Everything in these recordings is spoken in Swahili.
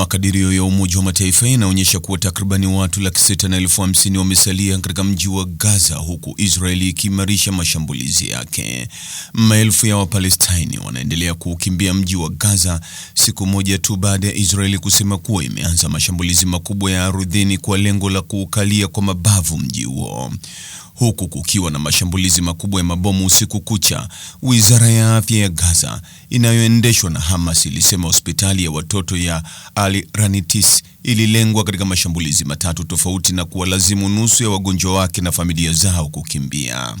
Makadirio ya Umoja wa Mataifa yanaonyesha kuwa takribani watu laki sita na elfu hamsini wamesalia katika mji wa Gaza huku Israeli ikiimarisha mashambulizi yake. Maelfu ya Wapalestini wanaendelea kuukimbia mji wa Gaza siku moja tu baada ya Israeli kusema kuwa imeanza mashambulizi makubwa ya ardhini kwa lengo la kuukalia kwa mabavu mji huo huku kukiwa na mashambulizi makubwa ya mabomu usiku kucha. Wizara ya Afya ya Gaza inayoendeshwa na Hamas ilisema hospitali ya watoto ya Al-Ranitis ililengwa katika mashambulizi matatu tofauti na kuwalazimu nusu ya wagonjwa wake na familia zao kukimbia.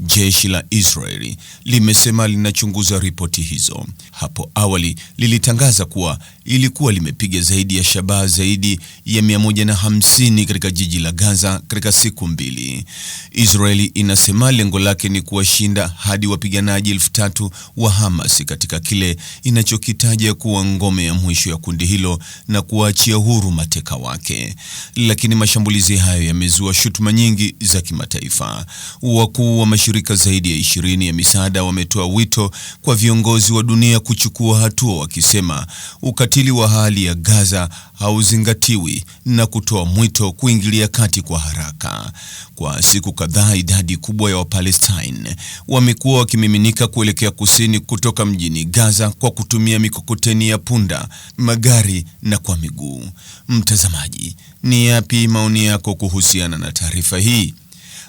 Jeshi la Israeli limesema linachunguza ripoti hizo. Hapo awali lilitangaza kuwa ilikuwa limepiga zaidi ya shabaha zaidi ya 150 katika jiji la Gaza katika siku mbili. Israeli inasema lengo lake ni kuwashinda hadi wapiganaji elfu tatu wa Hamas katika kile inachokitaja kuwa ngome ya mwisho ya kundi hilo na kuwaachia huru mateka wake. Lakini mashambulizi hayo yamezua shutuma nyingi za kimataifa. Wakuu wa mashirika zaidi ya ishirini ya misaada wametoa wito kwa viongozi wa dunia kuchukua hatua, wakisema ukatili wa hali ya Gaza hauzingatiwi na kutoa mwito kuingilia kati kwa haraka. Kwa siku kadhaa, idadi kubwa ya Wapalestine wamekuwa wakimiminika kuelekea kusini kutoka mjini Gaza kwa kutumia mikokoteni ya punda, magari na kwa miguu. Mtazamaji, ni yapi maoni yako kuhusiana na taarifa hii?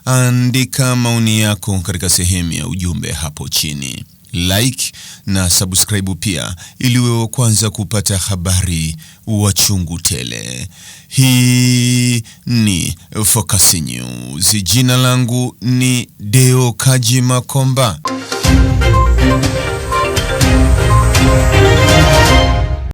andika maoni yako katika sehemu ya ujumbe hapo chini, like na subscribe pia, ili wewe kwanza kupata habari wa chungu tele. Hii ni Focus News. Jina langu ni Deo Kaji Makomba.